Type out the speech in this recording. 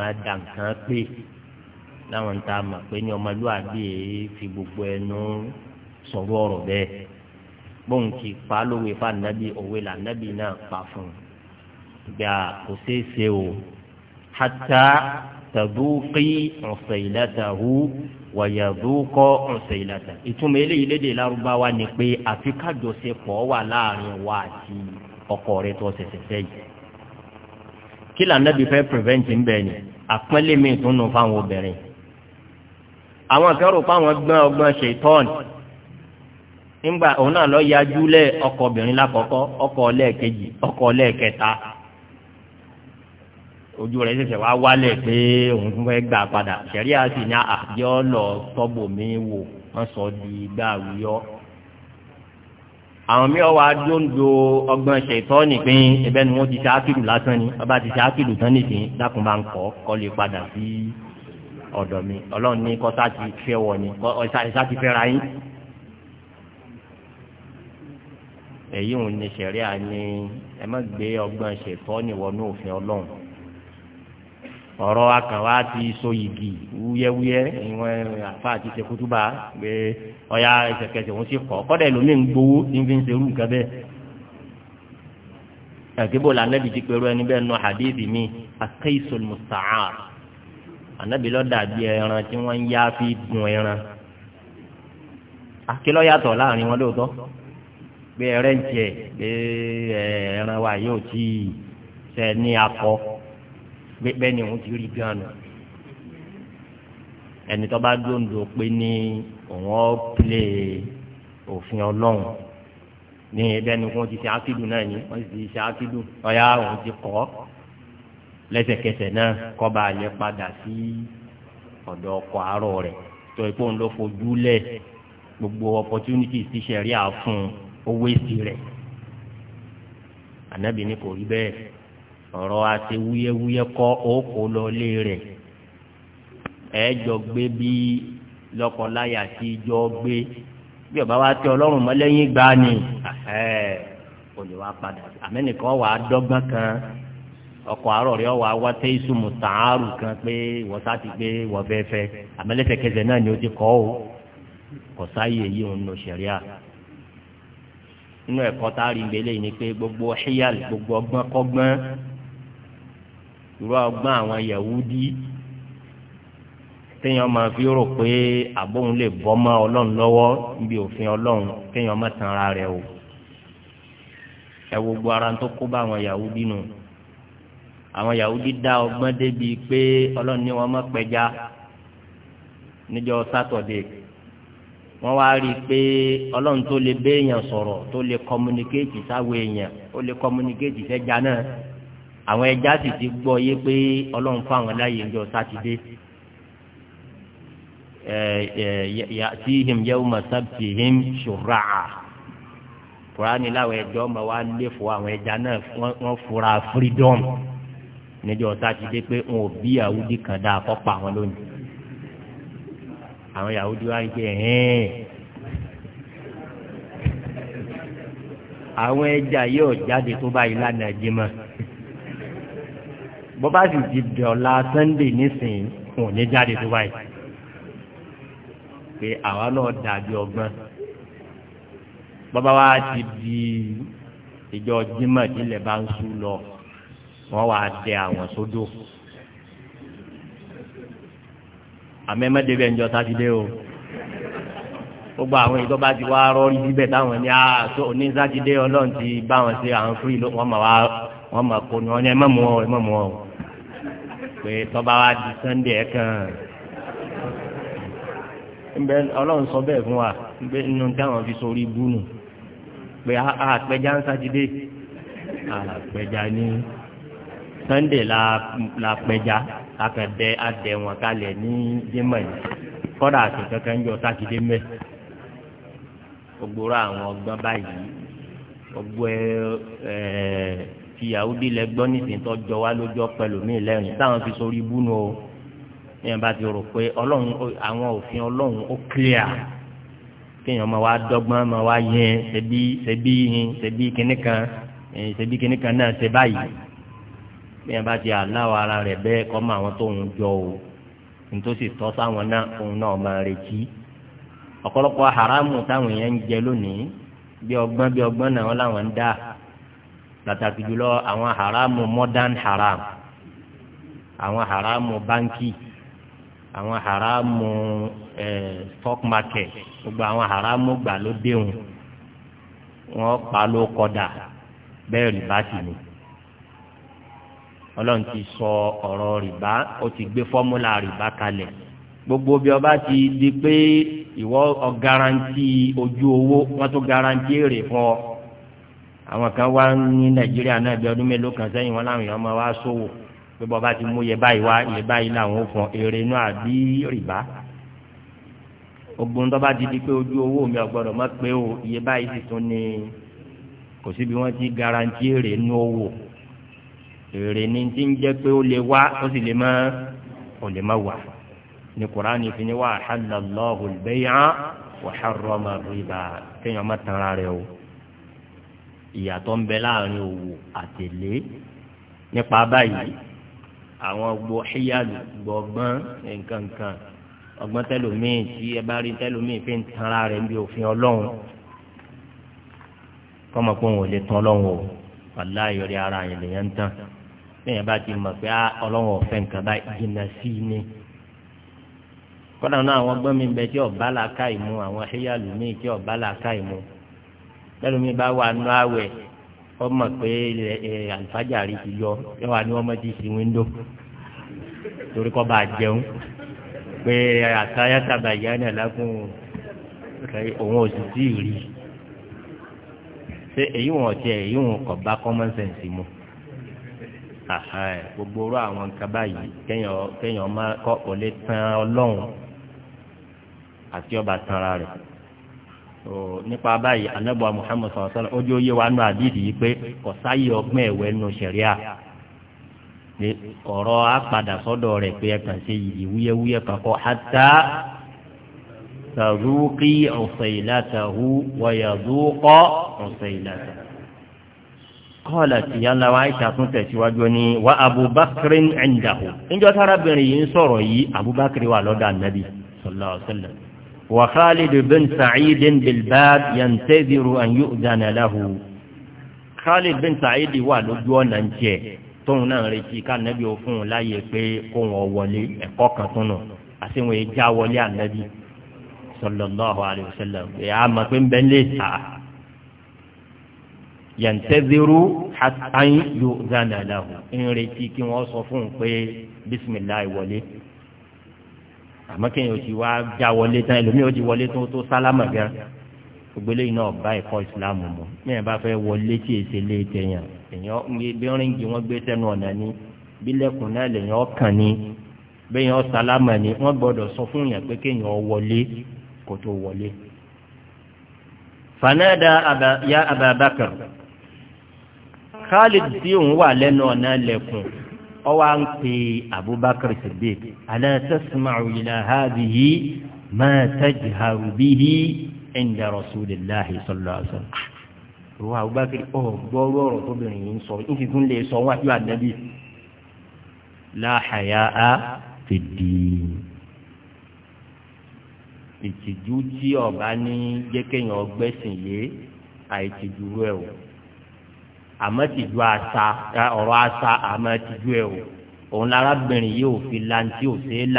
máa dà nǹkan pé láwọn tá a mọ̀ pé ní ọmọlúwàbí yìí fi gbogbo ẹnu sọ̀rọ̀ ọ̀rọ̀ bẹ́ẹ̀ bóun ti pa lówe fa nàbí òwe là nàbí náà pa fún un gbà kò ṣeé ṣe o hata tàdúkì ọ̀sẹ̀ ìlàtàhù wàyàdúkọ ọ̀sẹ̀ ìlàtà. ìtumọ̀ eléyìí léde lárúbáwá ni pé àfi kájọṣepọ̀ wà láàrin wa àti ọkọ rẹ tó ṣẹ̀ṣẹ̀ yìí kí lànàbí fẹ́ prevent ń bẹ̀ ni àpọ́nlé mi tún nù fáwọn obìnrin àwọn kan rò fáwọn gbọ́n ọgbọ́n ṣe tọ́ọ̀n nígbà òun náà lọ yájú lẹ ọkọ obìnrin lákọ̀ọ́kọ́ ọkọ lẹ́ẹ̀kejì ọkọ lẹ́ẹ̀kẹta ojú rẹ̀ ṣẹ̀ṣẹ̀ wá wálẹ̀ pé òun fẹ́ gbà padà ṣẹ̀rí àti ní àjọ lọ tọ́bù mi wò wọ́n sọ di gbà wíyọ́ àwọn mi ọwọ́ adóńdó ọgbọ́n ṣètọ́ nìpín ẹbẹ́ ni wọ́n ti ṣe ákìlù lásán ni ọba ti ṣe ákìlù tán nìsín dákun bá ń kọ́ kọ́ lè padà sí ọ̀dọ̀ mi ọlọ́run ní kọ́sá ti fẹ́ wọ̀ ni kọ́sá ti fẹ́ ra yín. èyí ń ní sẹ̀ríà ni ẹ má gbé ọgbọ́n ṣètọ́ nìwọ ní òfin ọlọ́run ọ̀rọ̀ akànwá ti so igi wúyẹ́wúyẹ́ ìwọ̀n àfa àti ṣekútúbà pé ọ̀ya ẹsẹ̀kẹsẹ̀ wọn sì kọ́ kọ́dà ẹlòmíì ń gbowó tí ń fi ń serú nǹkan bẹ́ẹ̀. ẹ̀kíbò la ti pẹ̀lú ẹni bẹ́ẹ̀ nù hadithi mi akeisul musta'ar anábì ló dàbí ẹran tí wọ́n ń yá fi dùn ẹran. akílọ́ yàtọ̀ láàrin wọn lóòótọ́ pé ẹrẹ́ ń jẹ pé ẹran wa yóò tí sẹ́ ní akọ bẹ́ẹ̀ ni òun ti rí gan nù ẹni tó bá dòǹdò pé ní òun ọ́ pilẹ̀ òfin ọlọ́run ní ẹbẹ ni wọn ti ṣe akidu náà ni wọn ti ṣe akidu ọyá òun ti kọ lẹ́sẹ̀kẹsẹ̀ náà kọba àlẹ padà sí ọ̀dọ̀ ọkọ àárọ̀ rẹ̀ tó ipò ń lọ fojú lẹ gbogbo opportunities ti ṣẹrí àfún owó èsì rẹ̀ ànábì ni kò rí bẹ́ẹ̀ ọ̀rọ̀ àti wúyẹ́wúyẹ́ kọ́ òkò lọlé rẹ̀ ẹ jọ gbé bí lọ́kọláya ti jọ gbé bí ọba wa tẹ ọlọ́run mọ́lẹ́yìn gbá ni olè wa padà àmẹ́nìkan wà á dọ́gbọ́n kan ọkọ̀ àárọ̀ rẹ̀ wà á wá tẹ́ ìsúnmù tààrù kan pé wọ́n sá ti gbé wọ́n fẹ́ fẹ́ àmẹ́lẹ́sẹ̀kẹsẹ̀ náà ni ó ti kọ́ o kò sáyé yìí òun ló ṣẹ̀ríà nínú ẹ̀kọ́ tá a rí gbélé ni pé gbogbo ṣíyàl gbogbo ọgbọ́n kọ́gbọ́n irú ọgbọ́n àwọn yahudi téèyàn máa fi rò pé àbóhun lè bọ́ mọ́ ọlọ́run lọ́wọ́ níbi òfin ọlọ́run téèyàn má tan ara o ẹ wo ara tó kó bá àwọn yahudi nù àwọn yahudi dá ọgbọ́n débi pé ọlọ́run ní wọ́n mọ́ pẹja níjọ sátọ̀dé wọ́n wá rí i pé ọlọ́run tó lè béèyàn sọ̀rọ̀ tó lè èèyàn àwọn ẹja sì ti gbọ́ yé pé ọlọ́run fáwọn láyé ńjọ sátidé tí him yẹ́wò mọ̀ sábì him ṣùrà kùránì láwọn ẹjọ́ ọmọ wa lè fọ àwọn ẹja náà wọ́n fura freedom níjọ sátidé pé n ò bí yahudi kan dáa kọ́ pa àwọn lónìí àwọn yahudi wa ń jẹ hẹ́ẹ́. àwọn ẹja yóò jáde tó bá ìlànà jimá bọ́bá sì ti dọ̀la sunday nísìnyí wọn ò ní jáde tó báyìí pé àwa náà dàbí ọgbọ́n bọ́bá wa ti di ìjọ jimá tilẹ̀ bá ń sú lọ wọ́n wá dẹ àwọn sódò àmẹ́mẹ́dẹ́ bẹ́ẹ̀ ń jọ sátidé o gbogbo àwọn ìjọba ti wá rọrí síbẹ̀ táwọn ní àtọ́ ah, ní sátidé ọlọ́run ti bá wọn ṣe àwọn fúri wọn máa kó ni wọn ní ẹ má mú ọ ẹ má mú ọ pé tọ́ba wa di sunday ẹ̀ kàn ńbẹ ọlọ́run sọ bẹ́ẹ̀ fún wa pé nínú táwọn fi sórí búnù pé àpẹja ń sátidé àpẹja ní sunday la la pẹja akẹdẹ adẹ wọn kalẹ̀ ní jimani kódà àti kankan jọ sátidé mẹ gbogbo àwọn ọgbọ́n báyìí gbogbo ẹ ẹ ti yahudi lẹgbọn nísìnyìntọ jọ wá lójọ pẹ̀lú mi lẹ́yìn táwọn fi sórí ibú nu o yẹn bá ti rò pé Ọlọ́run àwọn òfin Ọlọ́run ó clear kéèyàn máa wá dọ́gbọ́n máa wá yẹn ṣebí ṣebí yẹn ṣebí kìnnìkan ṣebí kìnnìkan náà ṣe báyìí bẹ́ẹ̀ bá ti aláwọ̀ ara rẹ̀ bẹ́ẹ̀ kọ́ àwọn tó jọ o nítòsí tọ́ sáwọn náà òun náà máa retí ọ̀pọ̀lọpọ̀ haramu táwọn èèyàn ń jẹ lónìí bí ọgbọ́n bí ọgbọ́n náà wọ́n láwọn ń dá pàtàkì jùlọ àwọn haramu modern haram àwọn haramu banki, àwọn haramu ẹ stock market gbogbo àwọn haramu gbàlódéhùn wọn pa ló kọdà bẹ́ẹ̀ rìbá sì ni ọlọ́run ti sọ ọ̀rọ̀ rìbá ó ti gbé fọ́múlà rìbá kalẹ̀ gbogbo bí ọba ti di pé ìwọ ọ garanti ojú owó wọn tún garanti èrè fún ọ àwọn kan wá ní nàìjíríà náà bí ọdún mélòó kan sẹ́yìn wọn láwọn èèyàn máa wá sówò pé bọ́ba ti mú iye báyìí wá iye báyìí làwọn ò fọn èrè inú àbí rìbá ogun tó ti di pé ojú owó mi ọgbọ́dọ̀ mọ́ pé o iye báyìí sì tún ni kò síbi wọ́n ti garanti èrè inú owó èrè ni ti ń jẹ́ pé ó lè wá ó sì lè mọ́ ó lè mọ́ wà ní kuraani fi ni wà á hàlàlọ́hùn bẹ́yà wà á rọ́ rìbá kéèyàn má tanra rẹ o ìyàtọ̀ ń bẹ láàrin òwò àtẹ̀lé nípa báyìí àwọn gbọ́ ṣíyàlù gbọ̀ngbọ́n nǹkankan ọgbọ́n tẹlómìn tí ẹ bá rí tẹlómìn fi ń tanra rẹ̀ bí òfin ọlọ́run kọ́mọ pé òun ò lè tán ọlọ́run o wàlá ìyọrí ara yẹn lèyàn ń tán lẹ́yìn bá ti mọ̀ pé ah, ọlọ́run ọ̀fẹ́ nǹkan báyìí jìnnà sí i ni kọ́nà náà àwọn gbọ́n mi bẹ tí ọ̀bá làákà ìmú àwọn ṣíyàlù míì tí ọ̀bá làákà ìmú lẹ́lómi bá wà nù awẹ̀ ọmọ pé ẹ àlùfájàrí ti yọ ẹ wà ní ọmọ ti sí wíńdò torí kọ́ bá jẹun pé àtàyà tàbàyà náà lágùn òun ò sì tí ì rí ṣé èyí wọn ọ̀tí èyí wọn kọ̀ bá common sense mu gbogbo orú àwọn nǹkan báyìí kéèyàn má kọ́ kò lè tan ọlọ́run àti ọba tanra rẹ̀ so nípa báyìí anábọ̀ muhammed sọ̀rọ̀ sọ̀rọ̀ ojú oyé wa nù àdìdì yìí pé kò sáyé ọgbọ́n ẹ̀wẹ́ nù sẹ̀ríà ọ̀rọ̀ apàdà sọ́dọ̀ rẹ̀ pé ẹ̀kàn ṣe yìí wúyẹ́wúyẹ́ kankan hátà tàrúkì ọ̀sẹ̀ ìlàtàhù wọ̀yàdúkọ̀ ọ̀sẹ̀ ìlàtà. kọ́ọ̀lá tí yálà wa aisha tún tẹ̀síwájú ni wa abubakar ń ẹ̀ńdàhù. níjọ́ tárábìnrin yìí ń sọ̀rọ̀ yìí abubakar wà lọ́dọ̀ ànábì وخالد بن سعيد بالباب ينتظر أن يؤذن له خالد بن سعيد wà lójú ọ̀nà ń jẹ tóun náà retí kánẹ́bí ó fún un láàyè pé kó wọn wọlé ẹ̀kọ́ kan tún nù àti wọn já wọlé ànábì sallallahu alayhi wa sallam pé a mọ̀ pé ń bẹ́ lé ta yẹ̀ǹtẹ́zirú hatan yóò zánà lahu ń retí kí wọ́n sọ fún un pé bisimilahi wọlé àmọ́ kéèyàn ti wá já wọlé tán ẹlòmíì ó ti wọlé tó tó sálámà gan gbogbo eléyìí náà bá ẹ̀kọ́ ìsìlámù mu mẹ́rin bá fẹ́ wọlé tí èsì lé tẹ̀yàn èèyàn bí ọ́rìngì wọ́n gbé sẹ́nu ọ̀nà ni bílẹ̀kùn náà lèèyàn kàn ní bẹ́ẹ̀yàn sálámà ni wọ́n gbọ́dọ̀ sọ fún yàn pé kéèyàn wọlé kó tó wọlé. fanada ya ababakar khalid tí òun wà lẹ́nu ọ̀nà lẹ̀kùn ọwọ́ à ń pè Abubakar Siddiq ala tasma'u ila hadhihi ma tajharu bihi inda rasulillahi sallallahu alaihi wasallam ah, ìwọ Abubakar ọ̀ gbọ́rú ọ̀rọ̀ tóbìnrin yìí ń sọ ní tuntun lè sọ wájú ànábì la haya'a fi ddin ìtìjú tí ọba ní jẹ́kẹ̀yìn ọgbẹ́sìn yé àìtìjú rẹ̀ o àmọ́ tìjú asa ọ̀rọ̀ asa àmọ́ tìjú ẹ̀ o òun lárábìnrin yìí ò fi lantí ò sí là